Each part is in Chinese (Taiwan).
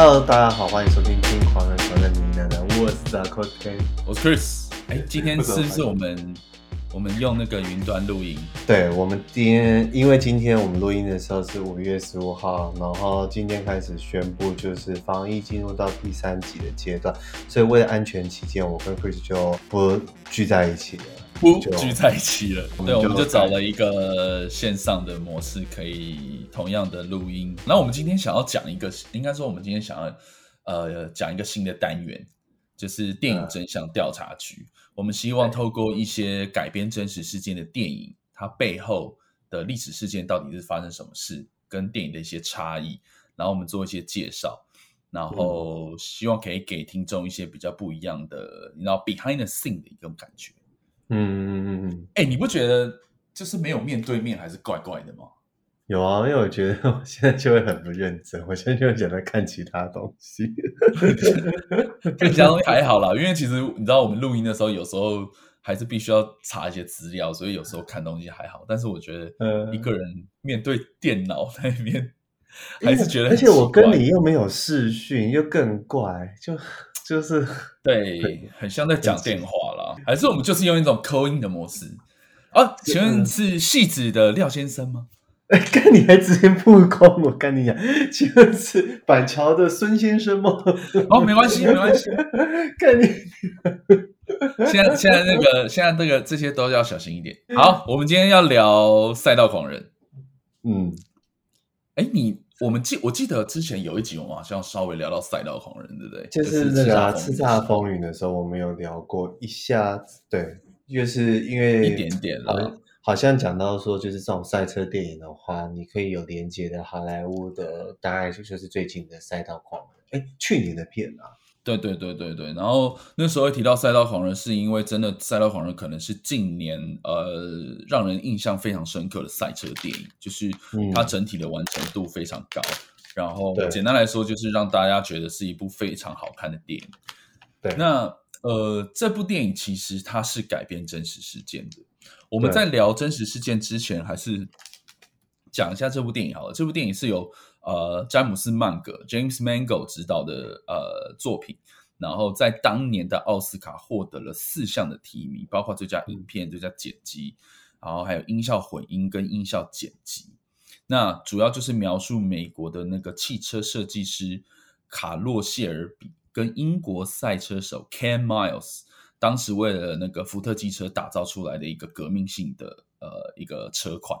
Hello，大家好，歡迎收聽《聽狂熱球在妮妮娜南》，我是 Coach K，我是 Chris。哎，今天是不是我們我們用那個雲端錄音？對，我們今天因為今天我們錄音的時候是五月十五號，然後今天開始宣布就是防疫進入到第三級的階段，所以為了安全起見，我跟 Chris 就不聚在一起了。不 就聚在一起了，對，我們就找了一個線上的模式，可以同樣的錄音。那我們今天想要講一個，應該說我們今天想要呃講一個新的單元，就是電影真相調查局。嗯、我們希望透過一些改編真實事件的電影，對它背後的歷史事件到底是發生什麼事，跟電影的一些差異，然後我們做一些介紹，然後希望可以給聽眾一些比較不一樣的，你知道、嗯、behind the scene 的一種感覺。嗯嗯嗯嗯，哎、嗯嗯欸，你不覺得就是沒有面對面還是怪怪的嗎？有啊，因為我覺得我現在就會很不認真，我現在就會想來看其他東西。看其他東西還好啦，因為其實你知道，我們錄音的時候有時候還是必須要查一些資料，所以有時候看東西還好。但是我覺得，嗯，一個人面對電腦那邊，還是覺得很，而且我跟你又沒有視訊，又更怪，就就是對，很像在講電話。還是我們就是用一種 call in 的模式哦，請問是汐止的廖先生嗎？哎，看你還直接曝光我，跟你講，請問是板橋的孫先生嗎？哦，沒關係，沒關係，看你。現在現在那個現在那個這些都要小心一點。好，我們今天要聊賽道狂人。嗯，哎你。我們記我記得之前有一集我們好像稍微聊到賽道狂人，對不對？就是那個叱、啊、咤風，風雲的時候，我們有聊過一下子，對，就是因為一點點，好，好像講到說就是這種賽車電影的話，你可以有連接的好萊塢的大概就是最近的賽道狂人，哎，去年的片啊。對對對對對，然後那時候提到《賽道狂人》是因為真的，《賽道狂人》可能是近年呃讓人印象非常深刻的賽車電影，就是它整體的完成度非常高。嗯、然後簡單來說，就是讓大家覺得是一部非常好看的電影。對，那呃，這部電影其實它是改編真實事件的。我們在聊真實事件之前，還是講一下這部電影好了。這部電影是由呃，詹姆斯·曼格 （James m a n g o l 執導的呃作品，然後在當年的奧斯卡獲得了四項的提名，包括最佳影片、最佳、嗯、剪輯，然後還有音效混音跟音效剪輯。那主要就是描述美國的那個汽車設計師卡洛·謝爾比跟英國賽車手 Ken Miles，當時為了那個福特汽車打造出來的一個革命性的呃一個車款。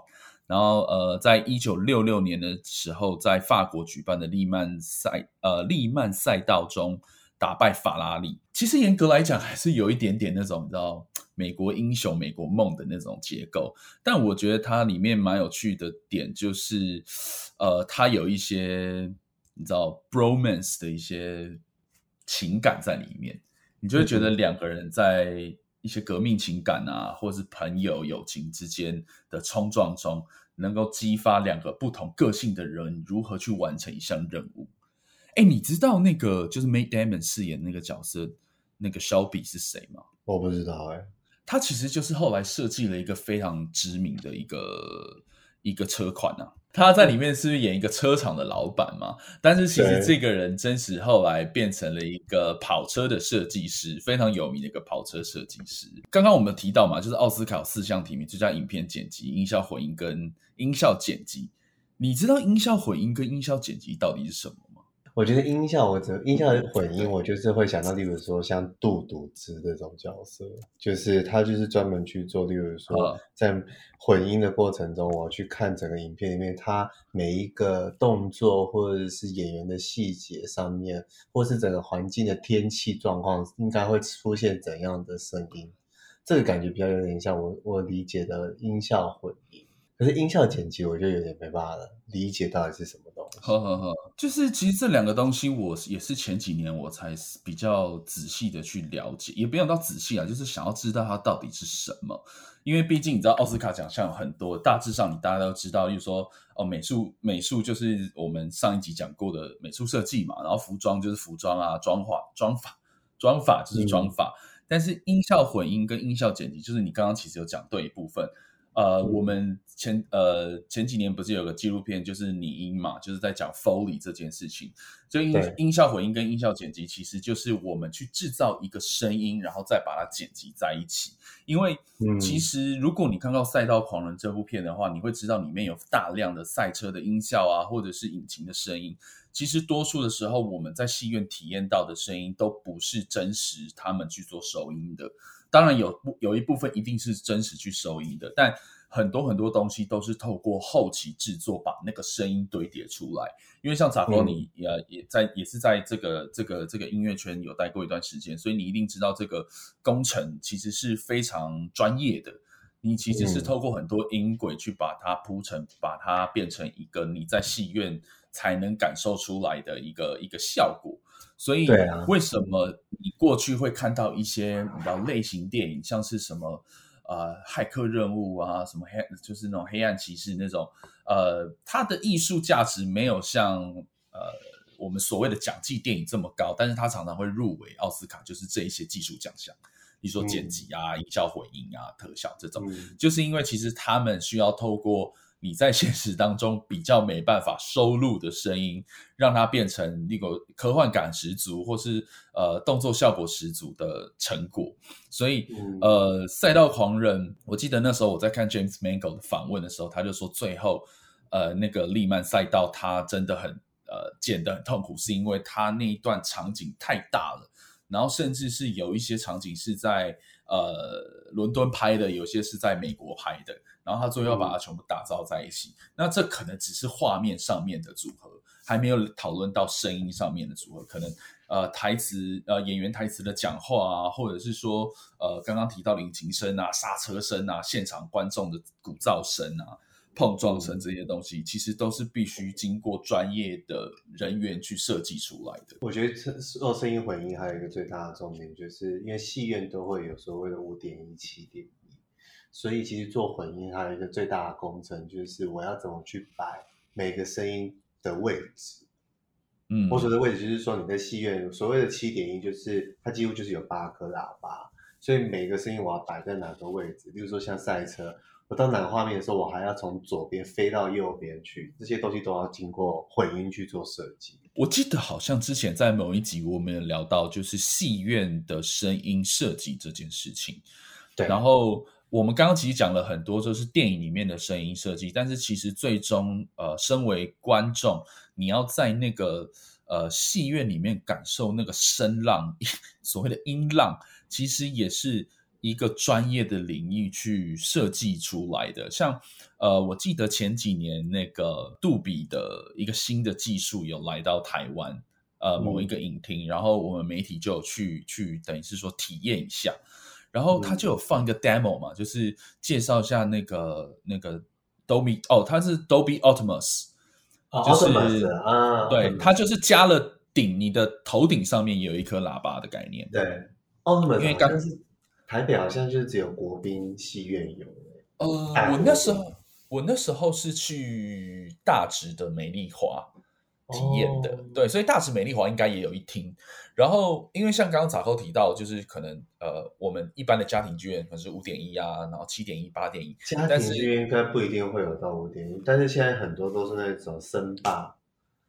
然後，呃，在一九六六年的時候，在法國舉辦的利曼賽，呃，利曼賽道中打敗法拉利。其實嚴格來講，還是有一點點那種你知道美國英雄、美國夢的那種結構。但我覺得它裡面蠻有趣的點就是，呃，它有一些你知道 bromance 的一些情感在裡面，你就會覺得兩個人在。嗯一些革命情感啊，或者是朋友友情之間的衝撞中，能夠激發兩個不同個性的人如何去完成一項任務。哎，你知道那個就是 Matt Damon 飾演那個角色，那個 Shelby 是誰嗎？我不知道哎、欸，他其實就是後來設計了一個非常知名的一個。一個車款啊，他在裡面是不是演一個車廠的老闆嘛？但是其實這個人真實後來變成了一個跑車的設計師，非常有名的一個跑車設計師。剛剛我們提到嘛，就是奧斯卡四項提名，最佳影片剪輯、音效混音跟音效剪輯。你知道音效混音跟音效剪輯到底是什麼？我覺得音效我，我覺得音效的混音，我就是會想到，例如說像杜篤之這種角色，就是他就是專門去做，例如說在混音的過程中，我去看整個影片裡面，他每一個動作或者是演員的細節上面，或是整個環境的天氣狀況，應該會出現怎樣的聲音，這個感覺比較有點像我我理解的音效混。可是音效剪輯，我就有點沒辦法理解到底是什麼東西。呵呵呵，就是其實這兩個東西，我也是前幾年我才比較仔細的去了解，也不用到仔細啊，就是想要知道它到底是什麼。因為畢竟你知道，奧斯卡獎項有很多，嗯、大致上你大家都知道，例如說哦，美術美術就是我們上一集講過的美術設計嘛，然後服裝就是服裝啊，妝化妝髮妝髮就是妝髮，嗯、但是音效混音跟音效剪輯，就是你剛剛其實有講對一部分。呃，我們前呃前幾年不是有個紀錄片，就是擬音嘛，就是在講 Foley 這件事情。所以音效混音跟音效剪輯，其實就是我們去製造一個聲音，然後再把它剪輯在一起。因為其實如果你看到《賽道狂人》這部片的話，你會知道裡面有大量的賽車的音效啊，或者是引擎的聲音。其實多數的時候，我們在戲院體驗到的聲音都不是真實，他們去做收音的。當然有有一部分一定是真實去收音的，但很多很多東西都是透過後期制作把那個聲音堆疊出來。因為像咋哥、嗯，你呃也在也是在這個這個這個音樂圈有待過一段時間，所以你一定知道這個工程其實是非常專業的。你其實是透過很多音軌去把它鋪成，把它變成一個你在戲院才能感受出來的一個一個效果。所以，為什麼你過去會看到一些你知道類型電影，像是什麼呃，駭客任務啊，什麼黑，就是那種黑暗騎士那種，呃，它的藝術價值沒有像呃我們所謂的獎季電影這麼高，但是它常常會入圍奧斯卡，就是這一些技術獎項，你說剪輯啊、音效混音啊、特效這種，嗯、就是因為其實他們需要透過。你在現實當中比較沒辦法收錄的聲音，讓它變成一個科幻感十足，或是呃動作效果十足的成果。所以，嗯、呃，賽道狂人，我記得那時候我在看 James Mangold 的訪問的時候，他就說，最後呃那個利曼賽道他真的很呃剪得很痛苦，是因為他那一段場景太大了，然後甚至是有一些場景是在。呃，倫敦拍的，有些是在美國拍的，然後他最後要把它全部打造在一起。嗯、那這可能只是畫面上面的組合，還沒有討論到聲音上面的組合，可能呃台詞呃演員台詞的講話啊，或者是說呃剛剛提到引擎聲啊、剎車聲啊、現場觀眾的鼓噪聲啊。碰撞聲這些東西，嗯、其實都是必須經過專業的人員去設計出來的。我覺得做聲音混音還有一個最大的重點，就是因為戲院都會有所謂的五點一七點一，所以其實做混音還有一個最大的工程，就是我要怎麼去擺每個聲音的位置。嗯，我說的位置就是說你在戲院所謂的七點一，就是它幾乎就是有八顆喇叭，所以每個聲音我要擺在哪個位置？比如說像賽車。我到哪個畫面的時候，我還要從左邊飛到右邊去，這些東西都要經過混音去做設計。我記得好像之前在某一集我們有聊到就是戲院的聲音設計這件事情。對。然後我們剛剛其實講了很多，就是電影裡面的聲音設計，但是其實最終，呃，身為觀眾，你要在那個呃戲院裡面感受那個聲浪，所謂的音浪，其實也是。一個專業的領域去設計出來的像，像呃，我記得前幾年那個杜比的一個新的技術有來到台灣，呃，某一個影廳，嗯、然後我們媒體就有去去等於是說體驗一下，然後他就有放一個 demo 嘛，嗯、就是介紹一下那個那個 Dolby 哦，他是 Dolby Atmos，哦、 就是 啊，對，他就是加了頂，你的頭頂上面也有一顆喇叭的概念，對 Atmos 因為剛台北好像就只有國賓戲院有誒。呃、我那時候，我那時候是去大直的美麗華體驗的，哦、對，所以大直美麗華應該也有一廳。然後，因為像剛剛查哥提到，就是可能呃，我們一般的家庭劇院可能是五點一啊，然後七點一、八點一。家庭劇院應該不一定會有到五點一，但是現在很多都是那種聲霸、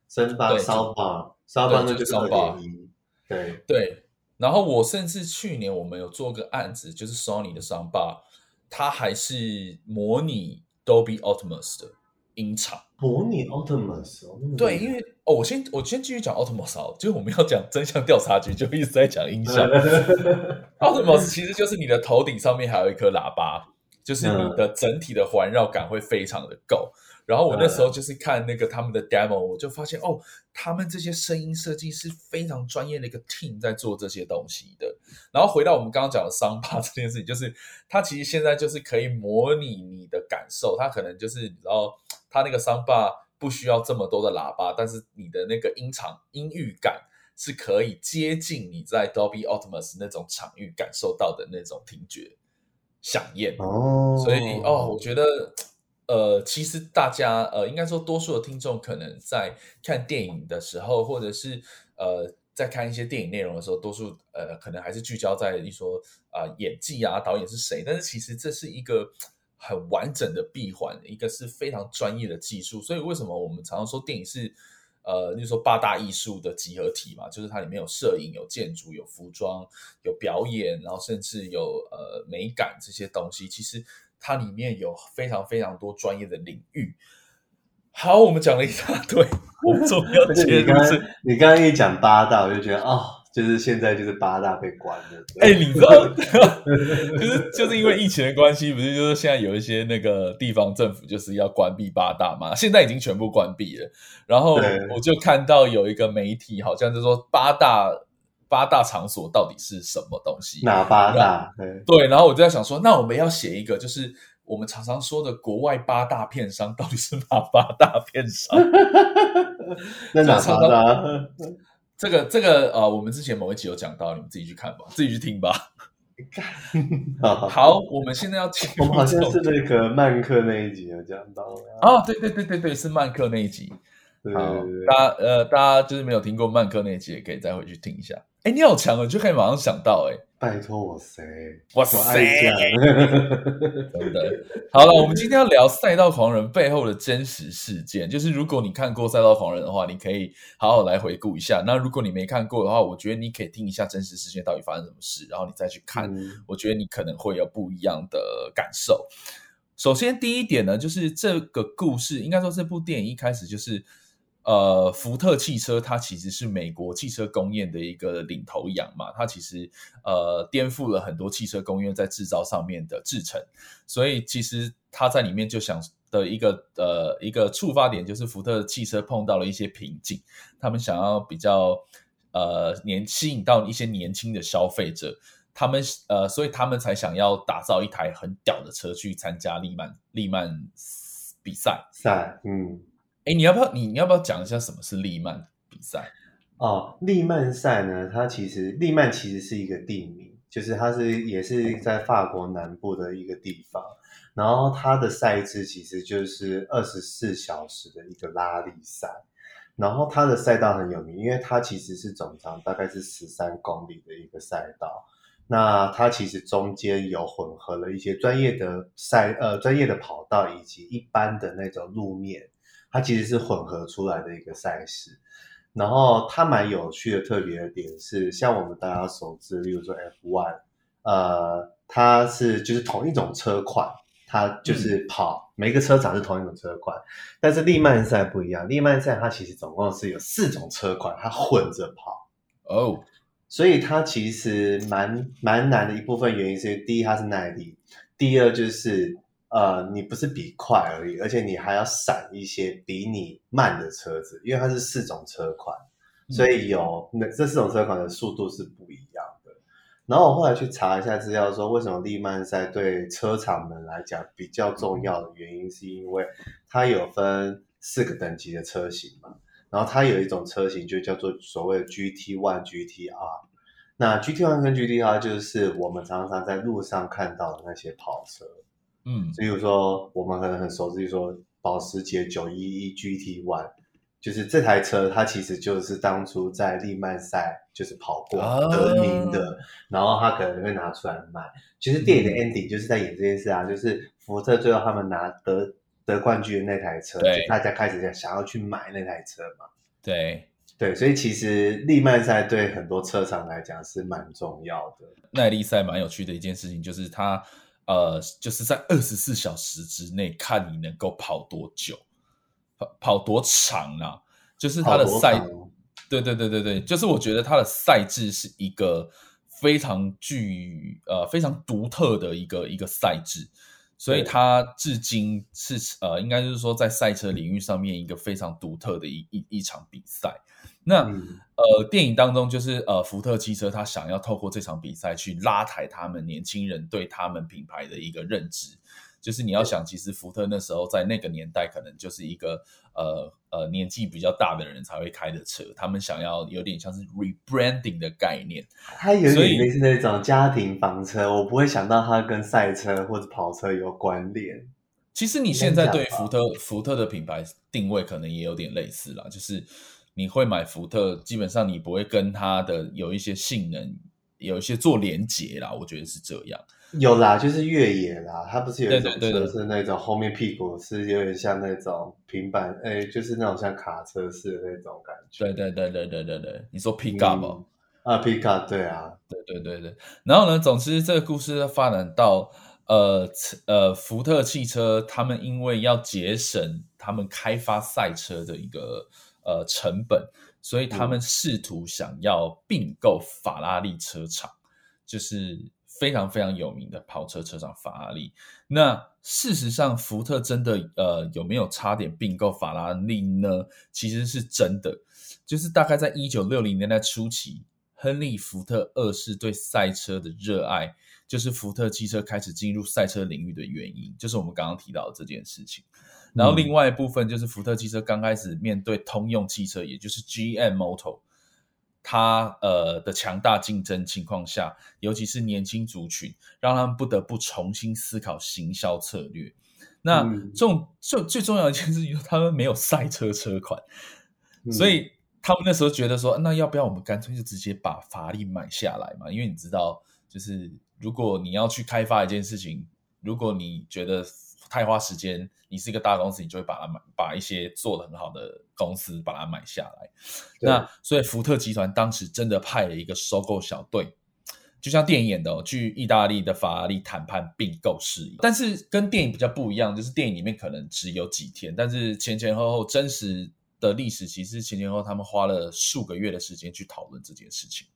聲霸沙霸、沙霸，霸那就是二點一。對對。就是然後我甚至去年我們有做個案子，就是 Sony 的聲霸，它還是模擬 Dolby Atmos 的音場，模擬 Atmos, 對，因為哦，我先我先繼續講 Atmos 哦，就我們要講真相調查局，就一直在講音效。Atmos 其實就是你的頭頂上面還有一顆喇叭。就是你的整體的環繞感會非常的夠，然後我那時候就是看那個他們的 demo，我就發現哦，他們這些聲音設計是非常專業的一個 team 在做這些東西的。然後回到我們剛剛講的聲霸這件事情，就是它其實現在就是可以模擬你的感受，它可能就是你知道，它那個聲霸不需要這麼多的喇叭，但是你的那個音場音域感是可以接近你在 Dolby Atmos 那種場域感受到的那種聽覺。想應，所以哦，我覺得，呃，其實大家呃，應該說多數的聽眾可能在看電影的時候，或者是呃，在看一些電影內容的時候，多數呃，可能還是聚焦在你說啊、呃，演技啊，導演是誰。但是其實這是一個很完整的閉環，一個是非常專業的技術。所以為什麼我們常常說電影是呃，就是說八大藝術的集合體嘛，就是它裡面有攝影、有建築、有服裝、有表演，然後甚至有呃美感這些東西。其實它裡面有非常非常多專業的領域。好，我們講了一大堆，我們怎麼要切入？ 你剛剛一講八大，我就覺得哦。就是現在，就是八大被關了。哎、欸，你知道， 就是就是因為疫情的關係，不是就是現在有一些那個地方政府就是要關閉八大嗎？現在已經全部關閉了。然後我就看到有一個媒體，好像就說八大，對八大，八大場所到底是什麼東西？哪八大？對，然後我就在想說，那我們要寫一個，就是我們常常說的國外八大片商，到底是哪八大片商？ 那哪八大？ 這個這個呃，我們之前某一集有講到，你們自己去看吧，自己去聽吧。 好， 我們現在要聽，我們好像是那個曼克那一集有講到，啊。哦、啊，對對對對對，是曼克那一集。好，大家呃，大家就是沒有聽過曼克那一集，也可以再回去聽一下。哎，你好強哦，你就可以馬上想到誒拜託我誰？我誰？對不對？好了，我們今天要聊《賽道狂人》背後的真實事件。就是如果你看過《賽道狂人》的話，你可以好好來回顧一下。那如果你沒看過的話，我覺得你可以聽一下真實事件到底發生什麼事，然後你再去看。嗯、我覺得你可能會有不一樣的感受。首先第一點呢，就是這個故事應該說這部電影一開始就是。呃，福特汽車它其實是美國汽車工業的一個領頭羊嘛，它其實呃顛覆了很多汽車工業在製造上面的製程，所以其實它在裡面就想的一個呃一個觸發點就是福特汽車碰到了一些瓶頸，他們想要比較呃年吸引到一些年輕的消費者，他們呃所以他們才想要打造一台很屌的車去參加利曼利曼比賽賽嗯。誒你要不要，你你要不要講一下什麼是利曼比賽？哦，利曼賽呢，它其實利曼其實是一個地名，就是它是也是在法國南部的一個地方。然後它的賽制其實就是二十四小時的一個拉力賽。然後它的賽道很有名，因為它其實是總長大概是十三公里的一個賽道。那它其實中間有混合了一些專業的賽，呃，專業的跑道以及一般的那種路面。它其實是混合出來的一個賽事，然後它蠻有趣的特別的點是，像我們大家熟知，例如說 F1，呃，它是就是同一種車款，它就是跑、嗯、每個車場是同一種車款，但是利曼賽不一樣，利曼賽它其實總共是有四種車款，它混着跑哦，oh. 所以它其實蠻蠻難的一部分原因是，第一它是耐力，第二就是。呃，你不是比快而已，而且你還要閃一些比你慢的車子，因為它是四種車款，嗯、所以有那這四種車款的速度是不一樣的。然後我後來去查一下資料，說為什麼利曼賽對車廠們來講比較重要的原因，是因為它有分四個等級的車型嘛。然後它有一種車型就叫做所謂的 GT One、GT R，那 GT One 跟 GT R 就是我們常常在路上看到的那些跑車。嗯，所以說我們可能很熟悉，說保時捷九一一 GT One，就是這台車，它其實就是當初在利曼賽就是跑過得名的，然後他可能會拿出來賣。其實電影的 ending 就是在演這件事啊，就是福特最後他們拿得得冠軍的那台車，對，大家開始想想要去買那台車嘛。對，對，所以其實利曼賽對很多車廠來講是蠻重要的。耐力賽蠻有趣的一件事情就是它。呃，就是在二十四小時之內，看你能夠跑多久，跑跑多長啦、啊。就是他的賽，對、哦、對對對對，就是我覺得他的賽制是一個非常具呃非常獨特的一個一個賽制。所以他至今是對呃，應該就是說，在賽車領域上面一個非常獨特的一一一場比賽。那、嗯、呃，電影當中就是呃，福特汽車他想要透過這場比賽去拉抬他們年輕人對他們品牌的一個認知。就是你要想，其實福特那時候在那個年代，可能就是一個呃呃年紀比較大的人才會開的車。他們想要有點像是 rebranding 的概念，它有點類似那種家庭房車。我不會想到它跟賽車或者跑車有關聯。其實你現在對於福特福特的品牌定位可能也有點類似啦，就是你會買福特，基本上你不會跟它的有一些性能有一些做連接啦。我覺得是這樣。有啦，就是越野啦，它不是有一種就是那種後面屁股是有點像那種平板，哎，就是那種像卡車式的那種感覺。對對對對對對對，你說皮卡嗎？啊，皮卡，對啊，對，對對對對。然後呢，總之這個故事的發展到呃呃，福特汽車他們因為要節省他們開發賽車的一個呃成本，所以他們試圖想要併購法拉利車廠。就是非常非常有名的跑車車廠法拉利。那事實上，福特真的呃有沒有差點併購法拉利呢？其實是真的，就是大概在一九六零年代初期，亨利福特二世對賽車的熱愛，就是福特汽車開始進入賽車領域的原因，就是我們剛剛提到的這件事情。然後另外一部分就是福特汽車剛開始面對通用汽車，嗯、也就是 GM Motor。他呃的強大競爭情況下，尤其是年輕族群，讓他們不得不重新思考行銷策略。那這種就、嗯、最重要的一件事，就是他們沒有賽車車款，嗯、所以他們那時候覺得說，嗯啊、那要不要我們乾脆就直接把法拉利買下來嘛？因為你知道，就是如果你要去開發一件事情，如果你覺得。太花時間，你是一個大公司，你就會把它買，把一些做得很好的公司把它買下來。對那所以福特集團當時真的派了一個收購小隊，就像電影演的哦，去意大利的法拉利談判併購事宜。但是跟電影比較不一樣，就是電影裡面可能只有幾天，但是前前後後真實的歷史其實前前後後他們花了數個月的時間去討論這件事情。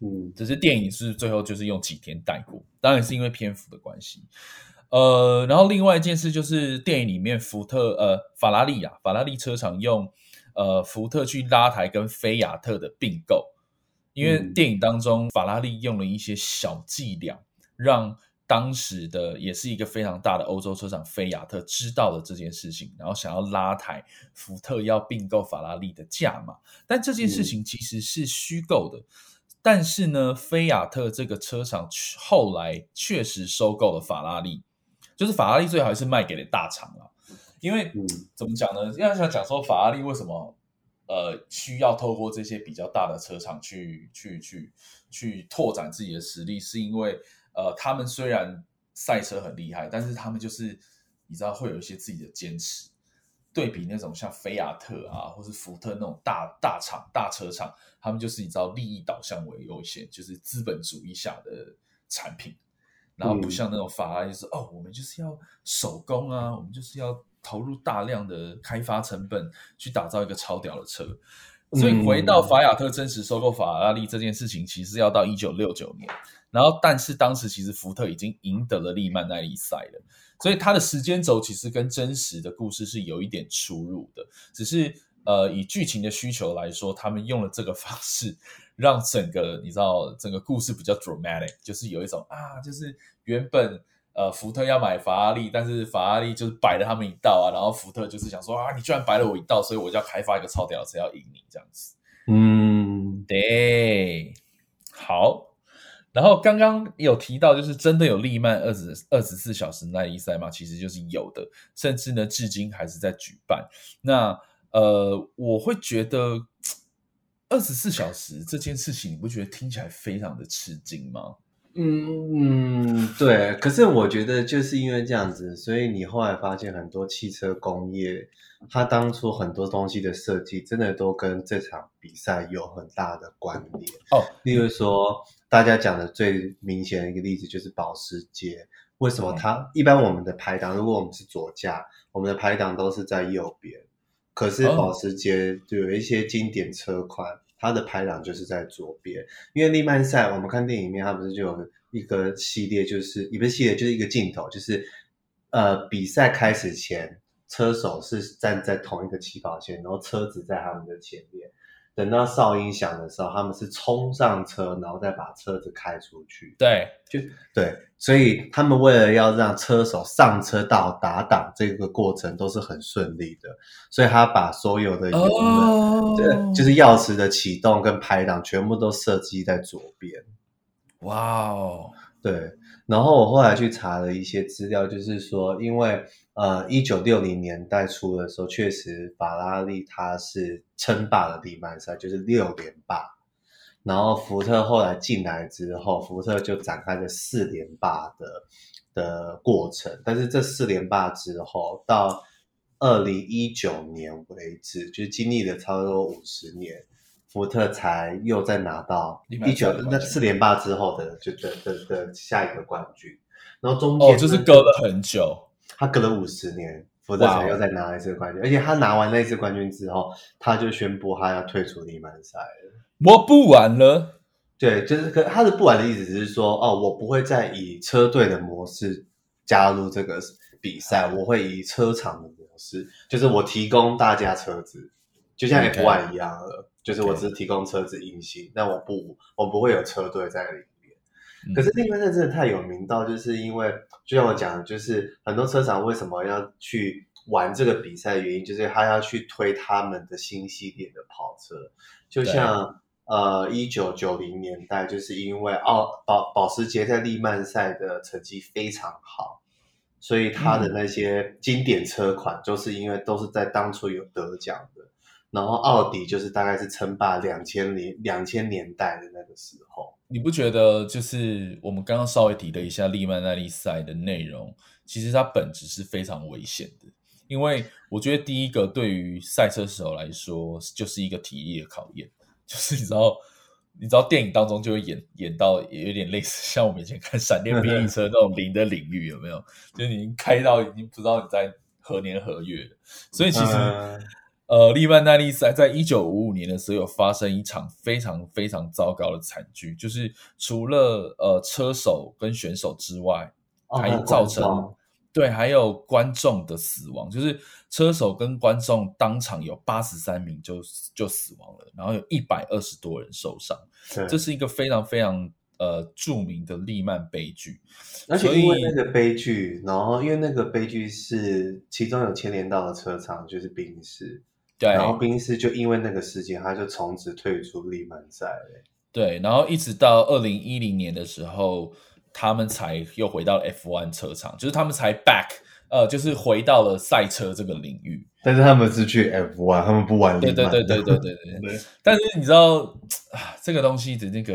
嗯，只是電影是最後就是用幾天帶過，當然是因為篇幅的關係。呃，然後另外一件事就是電影裡面福特呃法拉利啊，法拉利車廠用呃福特去拉抬跟菲亞特的併購，因為電影當中、嗯、法拉利用了一些小伎倆，讓當時的也是一個非常大的歐洲車廠菲亞特知道了這件事情，然後想要拉抬福特要併購法拉利的價碼，但這件事情其實是虛構的，嗯、但是呢，菲亞特這個車廠去後來確實收購了法拉利。就是法拉利最好還是賣給了大廠啊，因為怎麼講呢？要想講說法拉利為什麼呃需要透過這些比較大的車廠去去去去拓展自己的實力，是因為呃他們雖然賽車很厲害，但是他們就是你知道會有一些自己的堅持。對比那種像菲亞特啊，或是福特那種大大廠大車廠，他們就是你知道利益導向為優先，就是資本主義下的產品。然後不像那種法拉利說、嗯、哦，我們就是要手工啊，我們就是要投入大量的開發成本去打造一個超屌的車。所以回到法雅特真實收購法拉利這件事情，其實要到一九六九年。然後，但是當時其實福特已經贏得了利曼耐力賽了，所以它的時間軸其實跟真實的故事是有一點出入的，只是。呃，以劇情的需求來說，他們用了這個方式，讓整個你知道整個故事比較 dramatic，就是有一種啊，就是原本呃福特要買法拉利，但是法拉利就是擺了他們一道啊，然後福特就是想說啊，你居然擺了我一道，所以我就要開發一個超屌車，要贏你這樣子。嗯，對，好。然後剛剛有提到，就是真的有利曼二十二十四小時耐力賽嗎？其實就是有的，甚至呢，至今還是在舉辦。那呃，我會覺得二十四小時這件事情，你不覺得聽起來非常的吃驚嗎？嗯嗯，對。可是我覺得就是因為這樣子，所以你後來發現很多汽車工業，它當初很多東西的設計，真的都跟這場比賽有很大的關聯。哦，例如說，大家講的最明顯的一個例子就是保時捷，為什麼它、嗯、一般我們的排檔，如果我們是左駕，我們的排檔都是在右邊。可是保時捷就有一些經典車款，oh. 它的排檔就是在左邊。因為利曼賽，我們看電影裡面，它不是就有一個系列，就是一個系列，就是一個鏡頭，就是呃，比賽開始前，車手是站在同一個起跑線，然後車子在他們的前面。等到哨音響的時候，他們是衝上車，然後再把車子開出去。對，就對，所以他們為了要讓車手上車到打擋這個過程都是很順利的，所以他把所有的油，oh. 就是鑰匙的啟動跟排擋全部都設計在左邊。哇哦，對。然後我後來去查了一些資料，就是說，因為。呃，一九六零年代初的時候，確實法拉利它是稱霸了利曼賽，就是六連霸。然後福特後來進來之後，福特就展開了四連霸的的過程。但是這四連霸之後，到二零一九年為止，就是經歷了差不多五十年，福特才又再拿到一九那四連霸之後的就的的下一個冠軍。然後中間哦，就是隔了很久。他隔了五十年，福特才又再拿一次冠軍。Wow 而且他拿完那次冠軍之後，他就宣布他要退出利曼賽了。我不玩了。對，就是可他的不玩的意思是說，哦，我不會再以車隊的模式加入這個比賽，我會以車廠的模式，就是我提供大家車子，就像 F1 一樣了，Okay. 就是我只是提供車子引擎，Okay. 但我不，我不會有車隊在裡可是利曼賽真的太有名到，就是因為就像我講的，就是很多車廠為什麼要去玩這個比賽的原因，就是他要去推他們的新系列的跑車。就像對呃，一九九零年代，就是因為奧保保,保時捷在利曼賽的成績非常好，所以他的那些經典車款，就是因為都是在當初有得獎的。然後奧迪就是大概是稱霸兩千年，兩千年代的那個時候。你不覺得就是我們剛剛稍微提了一下利曼耐力賽的內容，其實它本質是非常危險的，因為我覺得第一個對於賽車手來說就是一個體力的考驗，就是你知道，你知道電影當中就會演演到也有點類似，像我們以前看《閃電霹靂車》那種零的領域 有沒有？就是你開到已經不知道你在何年何月了，所以其實。Uh 呃，利曼耐力賽在一九五五年的時候，有發生一場非常非常糟糕的慘劇，就是除了呃車手跟選手之外，哦、還造成、啊、對還有觀眾的死亡，就是車手跟觀眾當場有八十三名就就死亡了，然後有一百二十多人受傷，對這是一個非常非常呃著名的利曼悲劇。而且因為那個悲劇，以然後因為那個悲劇是其中有牽連到的車廠就是賓士。對，然後賓士就因為那個事件，他就從此退出利曼賽。對，然後一直到二零一零年的時候，他們才又回到 F 一車廠，就是他們才 back，呃，就是回到了賽車這個領域。但是他們是去 F 一，他們不玩利曼。對對對對對對對。對對但是你知道啊，這個東西的那個，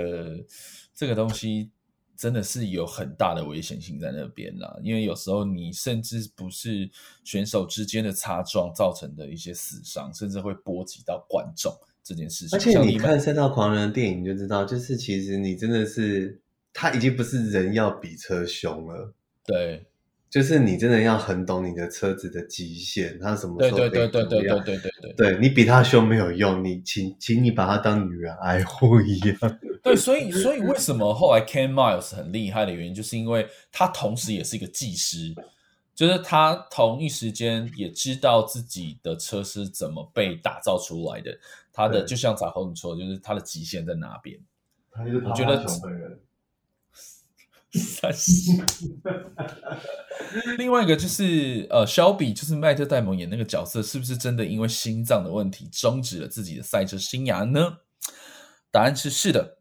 這個東西。真的是有很大的危險性在那邊啦，因為有時候你甚至不是選手之間的擦撞造成的一些死傷，甚至會波及到觀眾這件事情。而且你看《賽道狂人》的電影就知道，就是其實你真的是，他已經不是人要比車凶了，嗯、了對。就是你真的要很懂你的車子的極限，它什麼時候被怎麼樣？對對對對對，你比他凶沒有用，你請請你把它當女人愛護一樣。對，所以所以為什麼後來 Ken Miles 很厲害的原因，就是因為他同時也是一個技師，就是他同一時間也知道自己的車是怎麼被打造出來的，他的對就像彩紅你說的，就是他的極限在哪邊？他我覺得三十。 另外一個就是，呃，肖比就是麥特戴蒙演那個角色，是不是真的因為心臟的問題終止了自己的賽車生涯呢？答案是是的，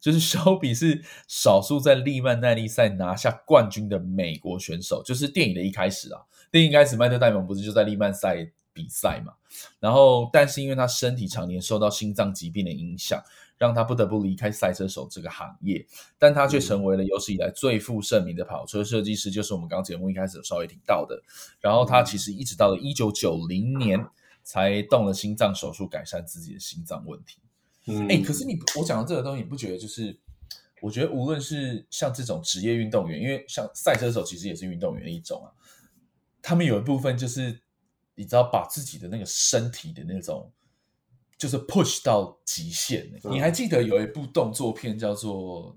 就是肖比是少數在利曼耐力賽拿下冠軍的美國選手。就是電影的一開始啊，電影開始麥特戴蒙不是就在利曼賽比賽嘛，然後但是因為他身體常年受到心臟疾病的影響。讓他不得不離開賽車手這個行業，但他卻成為了有史以來最負盛名的跑車設計師，就是我們剛剛節目一開始有稍微提到的。然後他其實一直到了一九九零年才動了心臟手術，改善自己的心臟問題。嗯，哎、欸，可是你我講的這個東西，你不覺得就是？我覺得無論是像這種職業運動員，因為像賽車手其實也是運動員一種啊，他們有一部分就是你知道把自己的那個身體的那種。就是 push 到極限、欸。啊、你還記得有一部動作片叫做《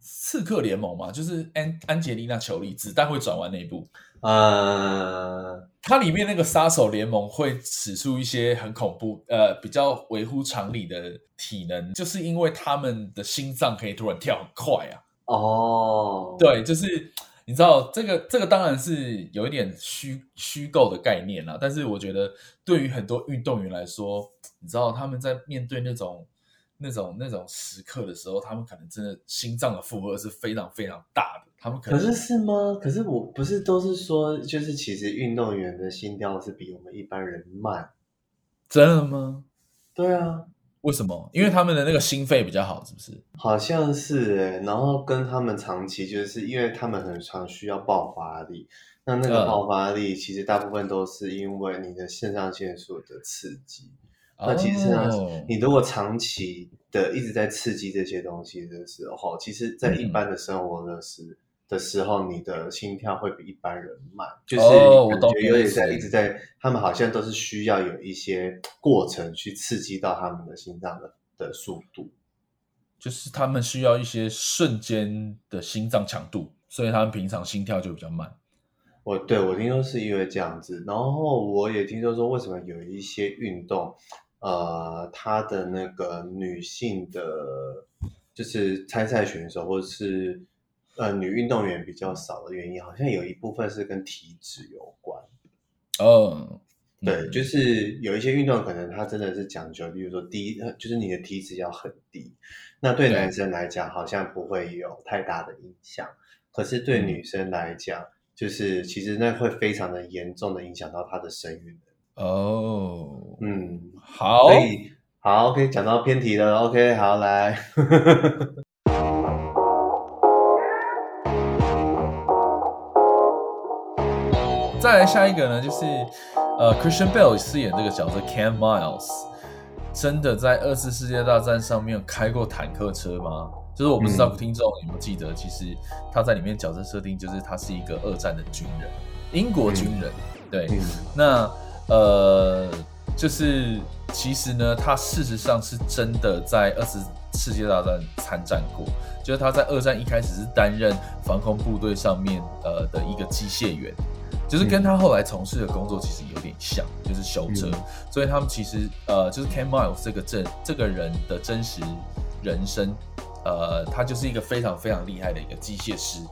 刺客聯盟》嗎？就是安安潔莉娜·裘莉子彈會轉彎那一部。呃、uh，它裡面那個殺手聯盟會使出一些很恐怖、呃比較違乎常理的體能，就是因為他們的心臟可以突然跳很快啊。哦、oh，對，就是你知道這個這個當然是有一點虛虛構的概念啦，但是我覺得對於很多運動員來說。你知道他們在面對那種、那種、那種時刻的時候，他們可能真的心臟的負荷是非常、非常大的。他們可、可是是嗎？可是我不是都是說，就是其實運動員的心跳是比我們一般人慢，真的嗎？對啊，為什麼？因為他們的那個心肺比較好，是不是？好像是、欸，然後跟他們長期就是因為他們很常需要爆發力，那那個爆發力其實大部分都是因為你的腎上腺素的刺激。那其實呢，oh, 你如果長期的一直在刺激這些東西的時候，其實，在一般的生活的時、嗯、的時候，你的心跳會比一般人慢。就是我為有點在一直在，就是，他們好像都是需要有一些過程去刺激到他們的心臟的的速度，就是他們需要一些瞬間的心臟強度，所以他們平常心跳就比較慢。我對，我聽說是因為這樣子，然後我也聽說說為什麼有一些運動。呃，他的那個女性的，就是參賽選手或者是呃女運動員比較少的原因，好像有一部分是跟體脂有關。哦，oh, no. 對，就是有一些運動可能他真的是講究，比如說低，就是你的體脂要很低。那對男生來講，好像不會有太大的影響。可是對女生來講，就是其實那會非常的嚴重的影響到她的生育。哦，oh, 嗯，好，好，所以好，OK，講到偏題了，OK，好，來， 再來下一個呢，就是呃，Christian Bale 飾演這個角色 Ken Miles，真的在二次世界大戰上面有開過坦克車嗎？就是我不知道聽眾、嗯、有沒有記得，其實他在裡面的角色設定就是他是一個二戰的軍人，英國軍人，嗯、對，嗯、那。呃，就是其實呢，他事實上是真的在二次世界大戰參戰過，就是他在二戰一開始是擔任防空部隊上面呃的一個機械員，就是跟他後來從事的工作其實有點像，就是修車。嗯。所以他們其實呃，就是 Ken Miles 這個證，這個人的真實人生，呃，他就是一個非常非常厲害的一個機械師。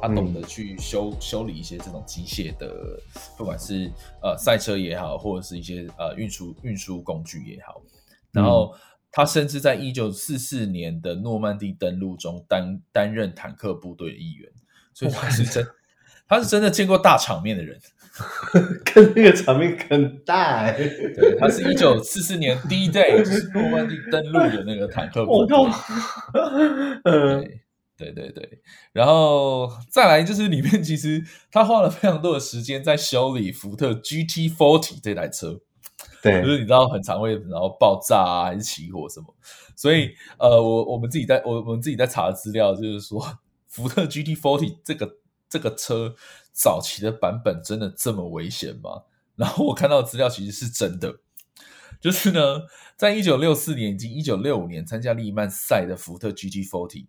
他懂得去修修理一些這種機械的，嗯、不管是呃賽車也好，或者是一些呃運輸運輸工具也好。嗯、然後他甚至在一九四四年的諾曼底登陸中擔擔任坦克部隊的一員，所以他是真，哇塞他是真的見過大場面的人。跟那個場面很大、欸， 對他是一九四四年 D-Day 就是諾曼底登陸的那個坦克部隊。我靠 對對對，然後再來就是裡面其實他花了非常多的時間在修理福特 GT Forty 這台車，對，就是你知道很常會然後爆炸啊還是起火什麼，所以、嗯、呃我我們自己在我們自己在查的資料，就是說福特 GT Forty 這個這個車早期的版本真的這麼危險嗎？然後我看到的資料其實是真的，就是呢，在一九六四年以及一九六五年參加利曼賽的福特 GT Forty。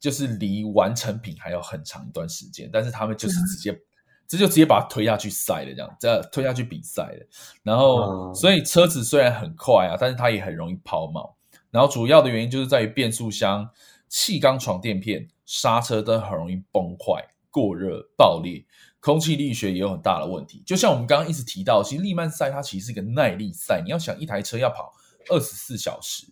就是離完成品還有很長一段時間，但是他們就是直接， 這就直接把它推下去賽了，這樣，這推下去比賽了。然後，嗯、所以車子雖然很快啊，但是它也很容易拋錨。然後，主要的原因就是在於變速箱、氣缸床墊片、剎車都很容易崩壞、過熱、爆裂。空氣力學也有很大的問題。就像我們剛剛一直提到的，其實利曼賽它其實是一個耐力賽，你要想一台車要跑二十四小時。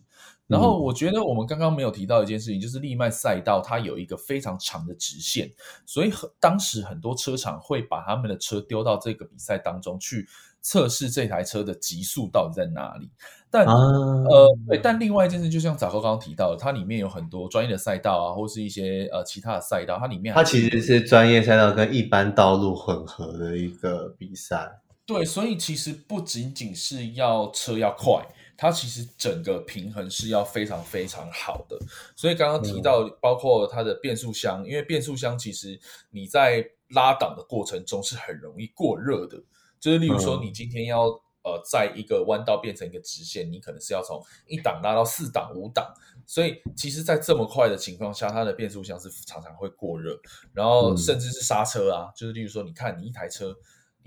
然後我覺得我們剛剛沒有提到的一件事情，就是利曼賽道它有一個非常長的直線，所以很，當時很多車廠會把他們的車丟到這個比賽當中去測試這台車的極速到底在哪裡，但。但、啊、呃，對，但另外一件事，就像早哥剛剛提到的，它裡面有很多專業的賽道啊，或是一些呃其他的賽道，它裡面還很，它其實是專業賽道跟一般道路混合的一個比賽。對，所以其實不僅僅是要車要快。嗯它其實整個平衡是要非常非常好的，所以剛剛提到包括它的變速箱，因為變速箱其實你在拉檔的過程中是很容易過熱的，就是例如說你今天要呃在一個彎道變成一個直線，你可能是要從一檔拉到四檔五檔，所以其實，在這麼快的情況下，它的變速箱是常常會過熱，然後甚至是剎車啊，就是例如說你看你一台車。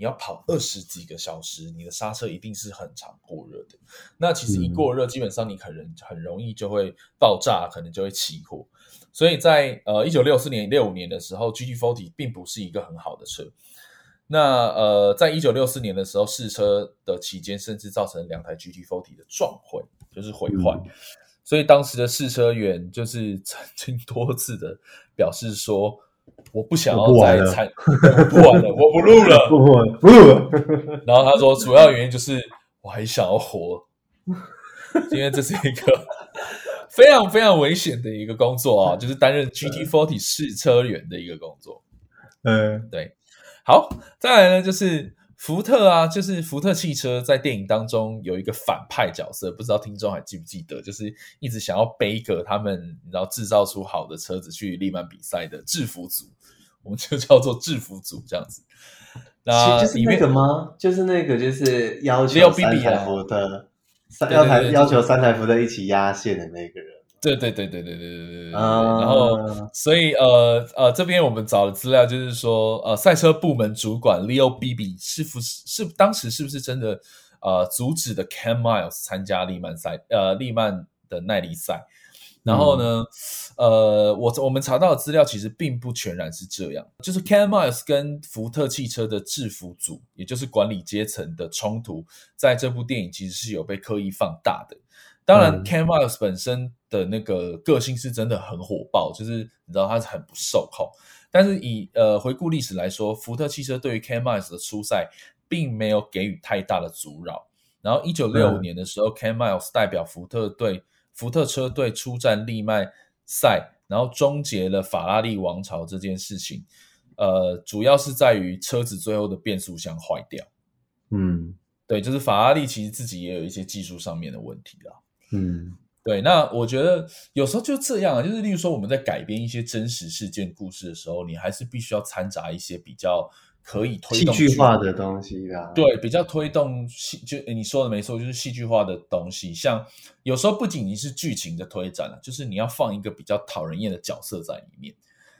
你要跑二十幾個小時，你的剎車一定是很常過熱的。那其實一過熱，嗯、基本上你可能很容易就會爆炸，可能就會起火。所以在呃一九六四年六五年的時候，GT40 並不是一個很好的車。那呃，在一九六四年的時候試車的期間，甚至造成兩台 GT40 的撞毀，就是毀壞。嗯、所以當時的試車員就是曾經多次的表示說。我不想要再慘，不玩， 不玩了，我不錄了，不錄，然後他說，主要原因就是我還想要活，因為這是一個非常非常危險的一個工作啊，就是擔任 GT40 試車員的一個工作，嗯，對，好，再來呢就是。福特啊，就是福特汽車在電影當中有一個反派角色，不知道聽眾還記不記得？就是一直想要背個他們，然後制造出好的車子去利曼比賽的制服組，我們就叫做制服組這樣子。那其實就是那個嗎？就是那個，就是要求三台福特，沒有比比啊，三要台對對對，要求三台福特一起壓線的那個人。對對對對對對對對對、uh，然後所以呃呃這邊我們找的資料就是說呃賽車部門主管 Leo Beebe 是不是是當時是不是真的呃阻止的 Ken Miles 參加利曼賽呃利曼的耐力賽，嗯、然後呢呃我我們查到的資料其實並不全然是這樣，就是 Ken Miles 跟福特汽車的制服組也就是管理階層的衝突，在這部電影其實是有被刻意放大的。當然 Ken Miles 本身的那個個性是真的很火爆，嗯、就是你知道他是很不受控。但是以呃回顧歷史來說，福特汽車對於 Ken Miles 的出賽並沒有給予太大的阻擾。然後一九六五年的時候 Ken、嗯、Miles 代表福特隊，福特車隊出戰利曼賽，然後終結了法拉利王朝這件事情。呃，主要是在於車子最後的變速箱壞掉。嗯，對，就是法拉利其實自己也有一些技術上面的問題了、啊。嗯，對，那我覺得有時候就這樣啊，就是例如說我們在改編一些真實事件故事的時候，你還是必須要摻雜一些比較可以推動劇戲劇化的東西的、啊。對，比較推動戲，就你說的沒錯，就是戲劇化的東西。像有時候不僅僅是劇情的推展，啊，就是你要放一個比較討人厭的角色在裡面。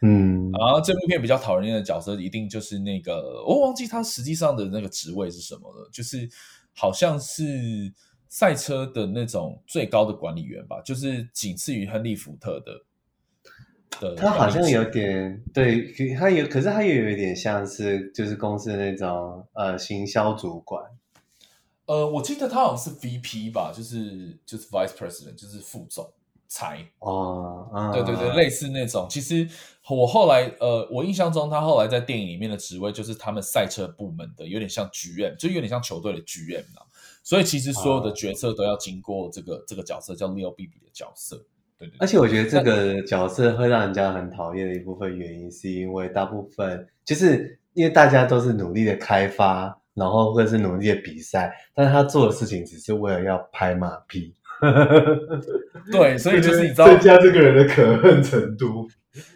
嗯，然後這部片比較討人厭的角色一定就是那個，我忘記他實際上的那個職位是什麼了，就是好像是。賽車的那種最高的管理員吧，就是僅次於亨利·福特的，的他好像有點對，他有，可是他也有一點像是就是公司的那種呃行銷主管。呃，我記得他好像是 VP 吧，就是就是 Vice President，就是副總裁哦。財 oh, uh, 對對對，類似那種。其實我後來呃，我印象中他後來在電影裡面的職位就是他們賽車部門的，有點像 GM，就有點像球隊的 GM，啊所以其實所有的角色都要經過這個、啊、這個角色叫 Leo Beebe 的角色，對對，對。而且我覺得這個角色會讓人家很討厭的一部分原因，是因為大部分就是因為大家都是努力的開發，然後或者是努力的比賽，但是他做的事情只是為了要拍馬屁。 對，所以就是你知道增加這個人的可恨程度，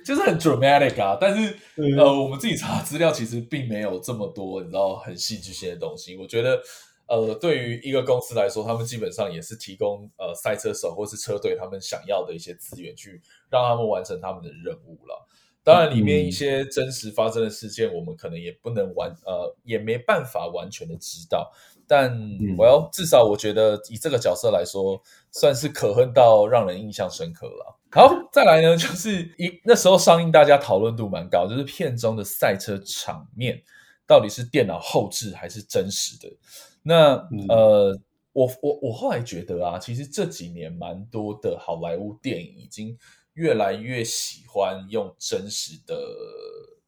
就是很 dramatic 啊。但是對呃，我們自己查資料，其實並沒有這麼多你知道很戲劇性的東西。我覺得。呃，對於一個公司來說，他們基本上也是提供呃賽車手或是車隊他們想要的一些資源，去讓他們完成他們的任務了。當然，裡面一些真實發生的事件，我們可能也不能完呃，也沒辦法完全的知道。但我要、嗯、至少，我覺得以這個角色來說，算是可恨到讓人印象深刻了。好，再來呢，就是一那時候上映，大家討論度蠻高，就是片中的賽車場面到底是電腦後製還是真實的？那呃，我我我後來覺得啊，其實這幾年蠻多的好萊塢電影已經越來越喜歡用真實的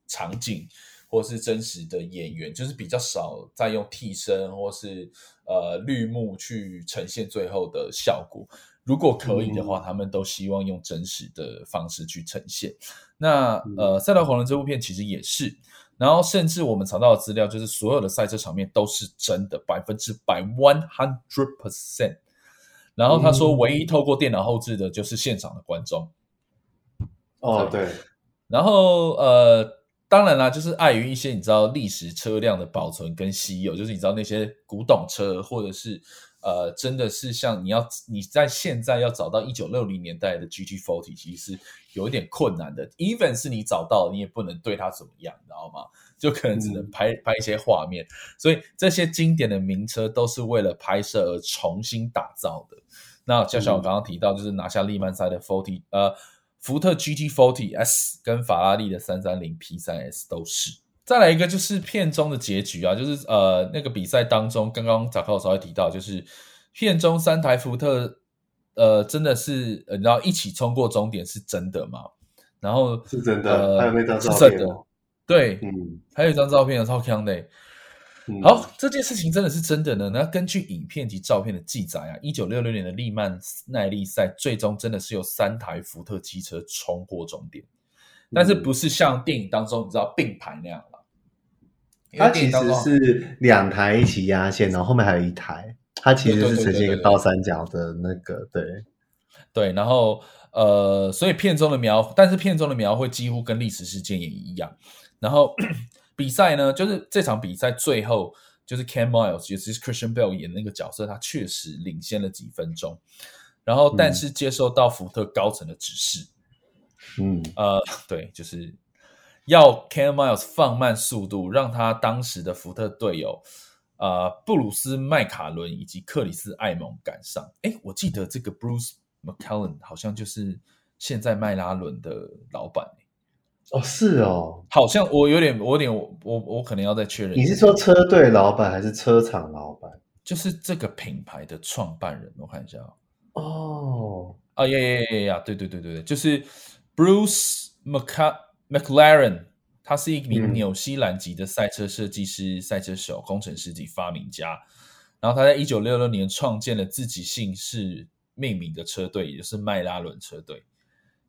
場景，或是真實的演員，就是比較少再用替身或是呃綠幕去呈現最後的效果。如果可以的話，嗯、他們都希望用真實的方式去呈現。嗯、那呃，《賽道狂人》這部片其實也是。然後，甚至我們查到的資料就是，所有的賽車場面都是真的，百分之百，one hundred percent。然後他說，唯一透過電腦後製的就是現場的觀眾。嗯、明白。哦，對。然後呃，當然啦，就是礙於一些你知道歷史車輛的保存跟稀有，就是你知道那些古董車或者是。呃，真的是像你要你在現在要找到一九六零年代的 GT Forty，其實是有一點困難的。Even 是你找到了，你也不能對它怎麼樣，你知道嗎？就可能只能拍、嗯、拍一些畫面。所以這些經典的名車都是為了拍攝而重新打造的。那就像我剛剛提到，就是拿下勒芒賽的 Forty，、嗯、呃，福特 GT Forty S 跟法拉利的三三零 P 三 S 都是。再來一個，就是片中的結局啊，就是呃，那個比賽當中，剛剛早開我稍微還提到，就是片中三台福特，呃，真的是呃，你知道一起衝過終點是真的嗎？然後是真的，呃、還有張照片是真的，對，嗯、還有一張照片，超強的，嗯、好，這件事情真的是真的呢。那根據影片及照片的記載啊，一九六六年的利曼耐力賽，最終真的是有三台福特機車衝過終點，但是不是像電影當中你知道並排那樣它其實是兩台一起壓線，然後後面還有一台，它其實是呈現一個倒三角的那個，對，對，然後呃，所以片中的描，但是片中的描繪幾乎跟歷史事件也一樣。然後比賽呢，就是這場比賽最後就是 Ken Miles，也就是 Christian Bale 演的那個角色，他確實領先了幾分鐘。然後但是接受到福特高層的指示，嗯，呃，對，就是。要 Ken Miles 放慢速度，讓他當時的福特隊友，啊、呃，布魯斯·邁卡倫以及克里斯·艾蒙趕上。哎，我記得這個 Bruce McLaren 好像就是現在邁拉倫的老板。哦，是哦，好像我有點，我有點我我我可能要再確認這個。你是說車隊老板還是車廠老板？就是這個品牌的創辦人。我看一下。哦，啊呀呀呀呀！Yeah, yeah, yeah, yeah, 對對對對對，就是 Bruce McLaren McLaren，他是一名紐西蘭籍的賽車設計師、嗯、賽車手、工程師及發明家。然後他在一九六六年創建了自己姓氏命名的車隊，也就是麥拉倫車隊。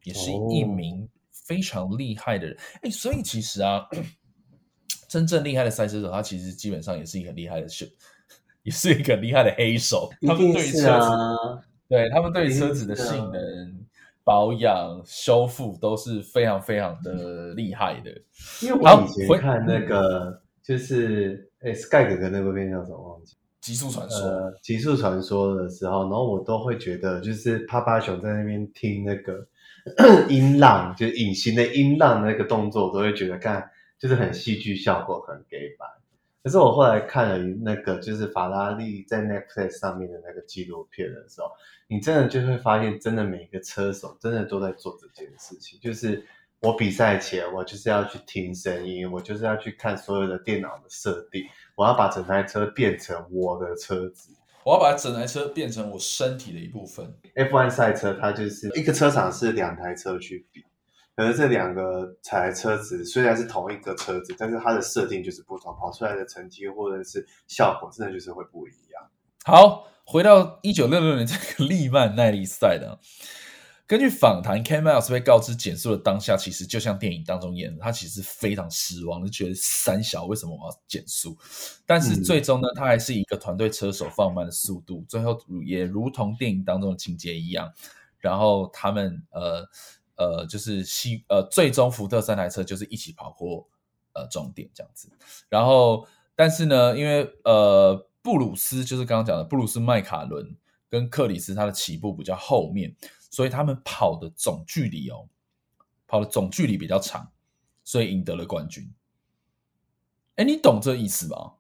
也是一名非常厲害的人。哎、哦，所以其實啊，真正厲害的賽車手，他其實基本上也是一個很厲害的手，也是一個很厲害的黑手。他們對車子，啊、對他們對車子的性能。保養修復都是非常非常的厲害的，因為我以前看那個好就是哎回、欸、，Sky 哥哥那部片叫什麼？忘記，《極速傳說》。呃，《極速傳說》的時候，然後我都會覺得，就是趴趴熊在那邊聽那個 音浪，就是隱形的音浪的那個動作，我都會覺得看就是很戲劇效果，很 gay 可是我後來看了那個，就是法拉利在 Netflix 上面的那個紀錄片的時候，你真的就會發現，真的每個車手真的都在做這件事情。就是我比賽前，我就是要去聽聲音，我就是要去看所有的電腦的設定，我要把整台車變成我的車子，我要把整台車變成我身體的一部分。F1 賽車，它就是一個車廠是兩台車去比。可是這兩個台車子雖然是同一個車子，但是它的設定就是不同，跑出來的成績或者是效果真的就是會不一樣。好，回到一九六六年這個利曼耐力賽的，根據訪談，K Miles 被告知減速的當下，其實就像電影當中演的，他其實非常失望，就覺得三小為什麼我要減速？但是最終呢，嗯，他還是一個團隊車手放慢的速度，最後也如同電影當中的情節一樣，然後他們呃。呃，就是西呃，最終福特三台車就是一起跑過呃終點這樣子。然後，但是呢，因為呃，布魯斯就是剛剛講的布魯斯邁卡倫跟克里斯，他的起步比較後面，所以他們跑的總距離哦，跑的總距離比較長，所以贏得了冠軍。哎，你懂這意思嗎？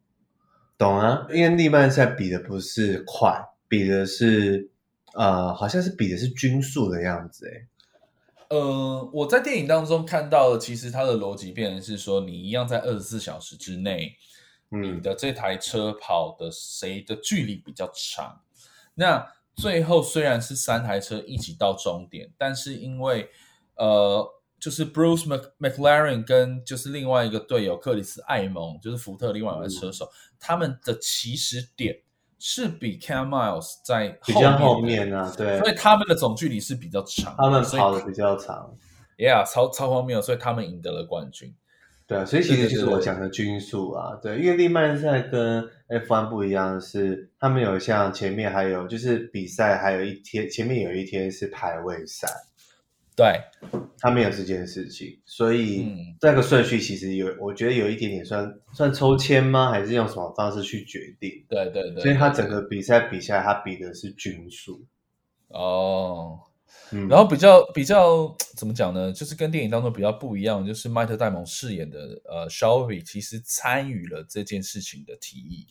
懂啊，因為利曼賽比的不是快，比的是呃，好像是比的是均速的樣子，哎。呃，我在電影當中看到的，其實它的邏輯變成是說，你一樣在二十四小時之內，嗯、你的這台車跑的誰的距離比較長？那最後雖然是三台車一起到終點，嗯、但是因為呃，就是 Bruce Mc McLaren 跟就是另外一個隊友克里斯艾蒙，就是福特另外一位車手，嗯、他們的起始點。是比 Ken Miles 在比較後面啊，對，所以他們的總距離是比較長，他們、啊、跑的比較長以，Yeah，超超跑沒所以他們贏得了冠軍。對、啊、所以其實就是我講的均速啊，對，對，對，對，對，因為利曼賽跟 F1 不一樣的是，是他們有像前面還有就是比賽還有一天，前面有一天是排位賽。對，他沒有這件事情，所以這個順序其實有，嗯、我覺得有一點點算算抽籤嗎？還是用什麼方式去決定？對對對。對對，所以他整個比賽比下來，他比的是均速。哦，嗯、然後比較比較怎麼講呢？就是跟電影當中比較不一樣，就是邁特戴蒙飾演的呃 Shelby 其實參與了這件事情的提議，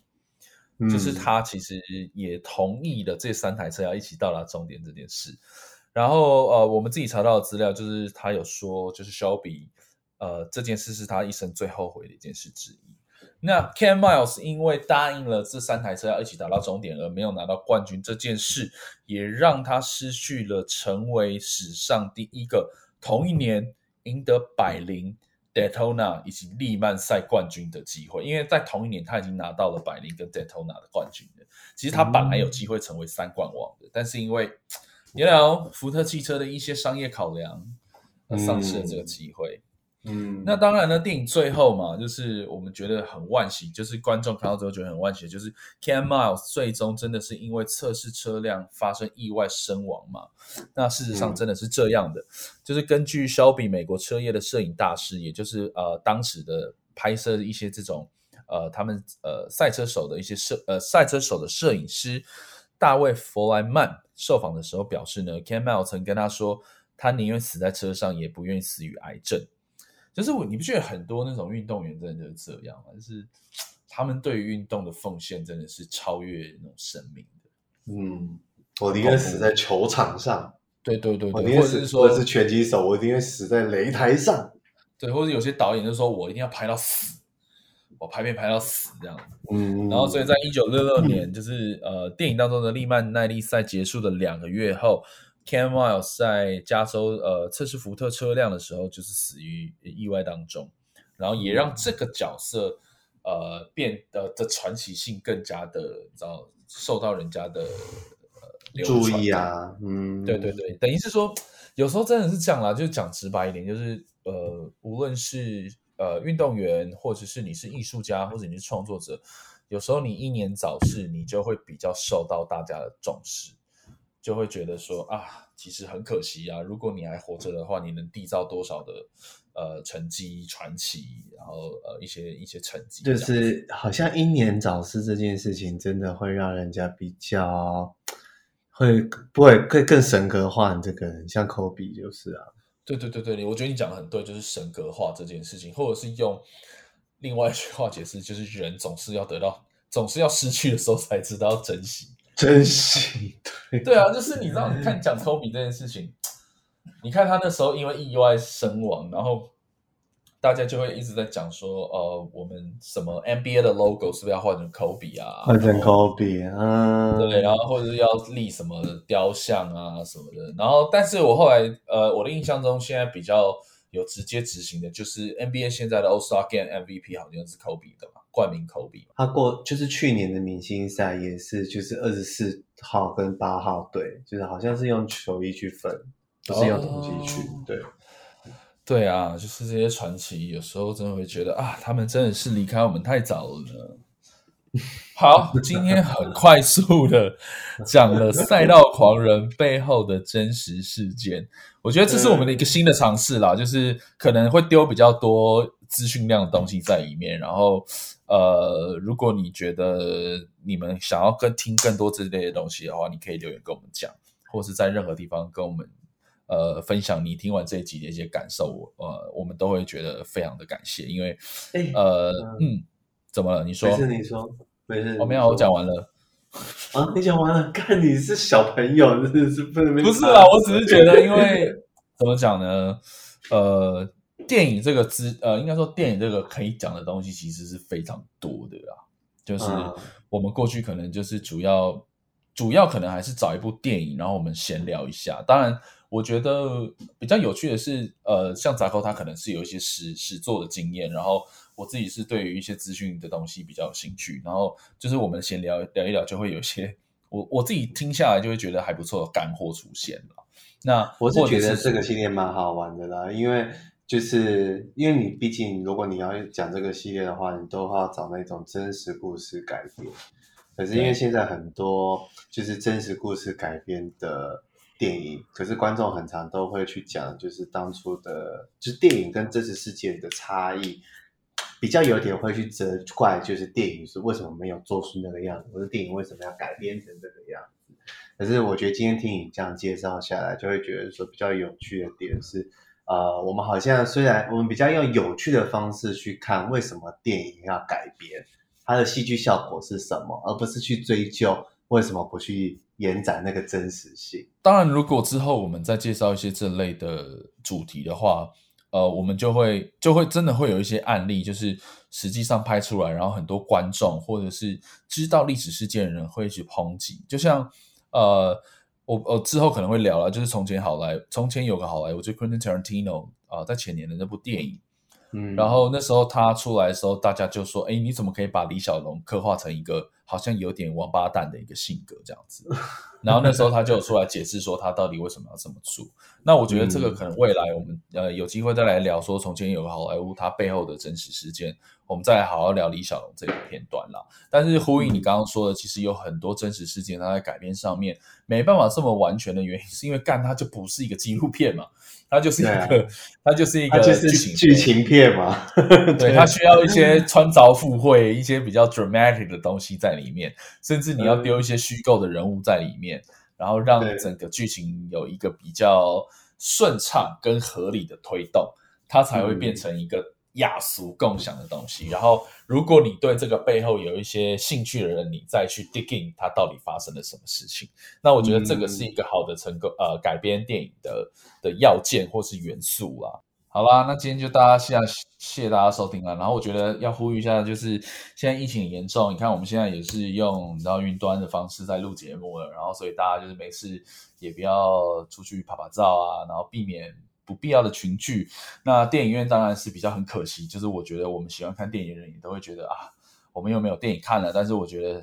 嗯、就是他其實也同意了這三台車要一起到達終點這件事。然後，呃，我們自己查到的資料就是，他有說，就是 Shelby，呃，這件事是他一生最後悔的一件事之一。那 Ken Miles 因為答應了這三台車要一起打到終點，而沒有拿到冠軍這件事，也讓他失去了成為史上第一個同一年贏得百靈、Daytona 以及利曼賽冠軍的機會。因為在同一年，他已經拿到了百靈跟 Daytona 的冠軍了。其實他本來有機會成為三冠王的，嗯、但是因為也聊福特汽車的一些商業考量喪失了這個機會嗯。嗯，那當然呢，電影最後嘛，就是我們覺得很惋惜，就是觀眾看到之後覺得很惋惜，就是 Ken Miles 最終真的是因為測試車輛發生意外身亡嘛。那事實上真的是這樣的，嗯、就是根據 Shelby 美國車業的攝影大師，也就是呃當時的拍攝一些這種呃他們呃賽車手的一些攝呃賽車手的攝影師。大衛·弗萊曼受訪的時候表示呢，肯·邁爾斯曾跟他說，他寧願死在車上，也不願意死於癌症。就是我，你不覺得很多那種運動員真的就是這樣嗎、啊？就是他們對於運動的奉獻真的是超越那種生命的。嗯，我寧願死在球場上。Oh. 對，對對對，我寧願死。我是，是拳擊手，我寧願死在擂台上。對，或者有些導演就說，我一定要拍到死。我、哦、拍片拍到死這樣，嗯、然後所以在一九六六年，就是 呃電影當中的利曼耐力賽結束的兩個月後 Ken Miles 在加州呃測試福特車輛的時候，就是死於意外當中，嗯、然後也讓這個角色呃變得的傳奇性更加的，遭，受到人家的呃的注意啊，嗯，對對對，等於是說有時候真的是這樣啦，就講直白一點，就是呃無論是。呃，運動員或者是你是藝術家或者你是創作者，有時候你英年早逝，你就會比較受到大家的重視，就會覺得說啊，其實很可惜啊，如果你還活着的話，你能締造多少的呃成績傳奇，然後呃一些一些成績，就是好像英年早逝這件事情，真的會讓人家比較會不會會更神格化你這個人，像科比就是啊。對對對對，我覺得你講得很對，就是神格化這件事情，或者是用另外一句話解釋，就是人總是要得到，總是要失去的時候才知道珍惜，珍惜，對對啊，就是你知道， 你看講科比這件事情，你看他那時候因為意外身亡，然後。大家就會一直在講說，呃，我們什麼 NBA 的 logo 是不是要換成科比啊？換成科比啊，對。然後，啊，或者是要立什麼雕像啊什麼的。然後，但是我後來，呃，我的印象中，現在比較有直接執行的，就是 NBA 現在的 All Star Game MVP 好像是科比的嘛，冠名科比嘛。他過就是去年的明星賽也是，就是二十四號跟八號對，就是好像是用球衣去分，不是用統計去對。對啊，就是這些傳奇，有時候真的會覺得啊，他們真的是離開我們太早了呢。好，今天很快速的講了《賽道狂人》背後的真實事件，我覺得這是我們的一個新的嘗試啦，對就是可能會丟比較多資訊量的東西在裡面。然後，呃，如果你覺得你們想要跟聽更多這類的東西的話，你可以留言跟我們講，或是在任何地方跟我們。呃，分享你聽完這一集的一些感受，呃，我們都會覺得非常的感謝，因為，欸、呃，嗯，怎麼了？你說？沒事，你說沒事你說。我、哦、沒有，說我講完了啊！你講完了？看你是小朋友，真的是不是啊，我只是覺得，因為 怎麼講呢？呃，電影這個資，呃，應該說電影這個可以講的東西其實是非常多的啊。就是我們過去可能就是主要，啊、主要可能還是找一部電影，然後我們閒聊一下。當然。我覺得比較有趣的是，呃，像雜狗他可能是有一些實實做的經驗，然後我自己是對於一些資訊的東西比較有興趣，然後就是我們先聊聊一聊，就會有一些我我自己聽下來就會覺得還不錯的干貨出現了。那我是覺得這個系列蠻好玩的啦，因為就是因為你畢竟如果你要講這個系列的話，你都要找那種真實故事改編，可是因為現在很多就是真實故事改編的。電影，可是觀眾很常都會去講，就是當初的，就是電影跟真實事件的差異，比較有點會去責怪，就是電影是為什麼沒有做出那個樣子，或者電影為什麼要改編成這個樣子。可是我覺得今天聽你這樣介紹下來，就會覺得說比較有趣的點是，呃，我們好像雖然我們比較用有趣的方式去看為什麼電影要改編，它的戲劇效果是什麼，而不是去追究為什麼不去。延展那個真實性。當然，如果之後我們再介紹一些這類的主題的話，呃，我們就會就會真的會有一些案例，就是實際上拍出來，然後很多觀眾或者是知道歷史事件的人會去抨擊。就像呃，我我之後可能會聊了，就是從前好萊塢，從前有個好萊塢，就 Quentin Tarantino 啊，呃，在前年的那部電影，嗯，然後那時候他出來的時候，大家就說，哎，你怎麼可以把李小龍刻畫成一個？好像有點王八蛋的一個性格這樣子，然後那時候他就出來解釋說他到底為什麼要這麼做。那我覺得這個可能未來我們呃有機會再來聊說從前有個好萊塢他背後的真實事件，我們再來好好聊李小龍這個片段啦。但是呼應你剛剛說的，其實有很多真實事件他在改編上面沒辦法這麼完全的原因，是因為幹他就不是一個紀錄片嘛，他就是一個、啊、他就是一個劇情片嘛，劇情片 對，他需要一些穿鑿附會、一些比較 dramatic 的東西在。裡面，甚至你要丟一些虛構的人物在裡面，嗯、然後讓整個劇情有一個比較順暢跟合理的推動，嗯、它才會變成一個雅俗共享的東西。嗯、然後，如果你對這個背後有一些興趣的人，你再去 digging 它到底發生了什麼事情，那我覺得這個是一個好的成功呃改編電影的的要件或是元素啊。好啦，那今天就大家下，謝謝大家收聽了啊。然後我覺得要呼籲一下，就是現在疫情很嚴重，你看我們現在也是用然後雲端的方式在錄節目了。然後所以大家就是沒事也不要出去拍拍照啊，然後避免不必要的群聚。那電影院當然是比較很可惜，就是我覺得我們喜歡看電影的人也都會覺得啊，我們又沒有電影看了。但是我覺得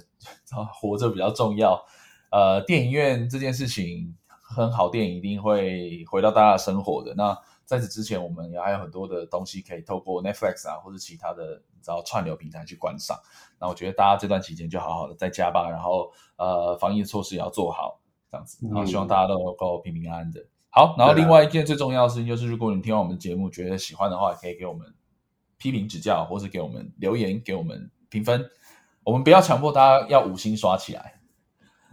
呵呵活着比較重要。呃，電影院這件事情很好，電影一定會回到大家的生活的那。在此之前，我們也還有很多的東西可以透過 Netflix 啊，或者其他的你知道串流平台去觀賞。那我覺得大家這段期間就好好的在家吧，然後呃防疫措施也要做好，這樣子。然後希望大家都能夠平平安安的。嗯、好，然後另外一件最重要的事情就是，如果你聽完我們的節目吧覺得喜歡的話，也可以給我們批評指教，或是給我們留言，給我們評分。我們不要強迫大家要五星刷起來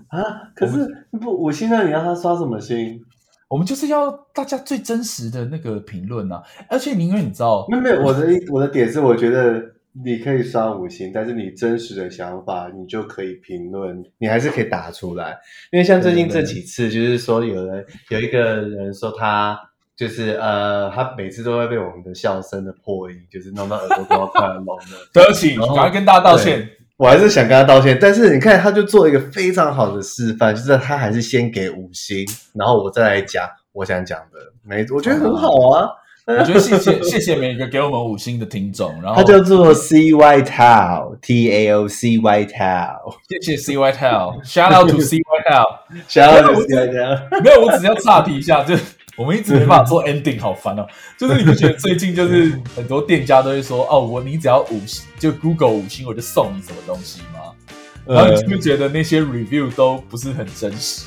啊！可是們不五星，那你讓他刷什麼星？我們就是要大家最真實的那個評論啊！而且，寧願你知道，沒有，沒有我的我的點是，我覺得你可以刷五星，但是你真實的想法，你就可以評論，你還是可以打出來。因為像最近這幾次，就是說有人有一個人說他就是呃，他每次都會被我們的笑聲的破音，就是弄到耳朵都要快要聾了。 對不起，後趕快跟大家道歉。我還是想跟他道歉，但是你看，他就做了一個非常好的示範，就是他還是先給五星，然後我再來講我想講的。沒我覺得很好啊，我覺得謝謝謝謝每一個給我們五星的聽眾。然後他叫做 C Y Tao T A O C Y Tao，謝謝 C Y Tao，Shout out to C Y Tao，Shout out to C Y Tao，沒有，我只要岔題一下就。 我們一直沒辦法做 ending，好煩哦、喔。就是你不覺得最近就是很多店家都會說哦、啊，我你只要五星，就 Google 五星，我就送你什麼東西嗎？然後你就不覺得那些 review 都不是很真實？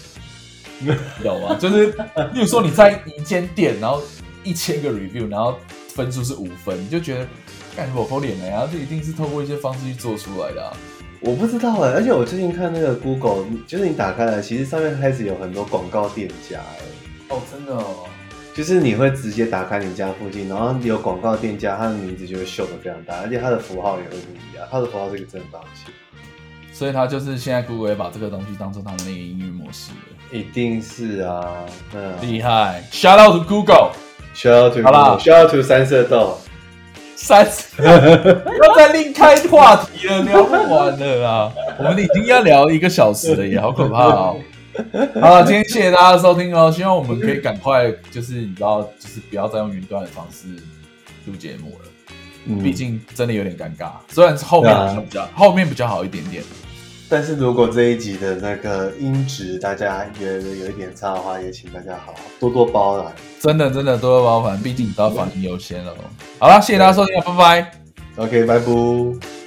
有啊，就是你有說你在一間店，然後一千個 review，然後分數是五分，你就覺得幹什麼摳臉然呀？就、欸啊、一定是透過一些方式去做出來的、啊。我不知道哎、欸，而且我最近看那個 Google，就是你打開了，其實上面開始有很多廣告店家、欸哦，oh, 真的哦，就是你會直接打開你家附近，然後有廣告店家，他的名字就會秀得非常大，而且他的符號也會不一樣，他的符號是一個正方形，所以他就是現在 Google 也把這個東西當成他們那個營運模式了，一定是啊，厲、嗯、害，Shout out to Google，Shout to Google. 好不好，Shout out to 三色豆，三色，不要再另開話題了，聊不完了啊， 我們已經要聊一個小時了，也好可怕哦。 好，今天謝謝大家收聽哦、喔，希望我們可以趕快，就是你知道，就是不要再用雲端的方式錄節目了，畢、嗯、竟真的有點尷尬。雖然是後面好像比較、啊、後面比較好一點點，但是如果這一集的那個音質大家也有一點差的話，也請大家好多多包涵，真的真的多多包涵，畢竟你知道防疫優先嘍、喔。好了，謝謝大家收聽，拜拜、啊。Bye bye OK，拜拜。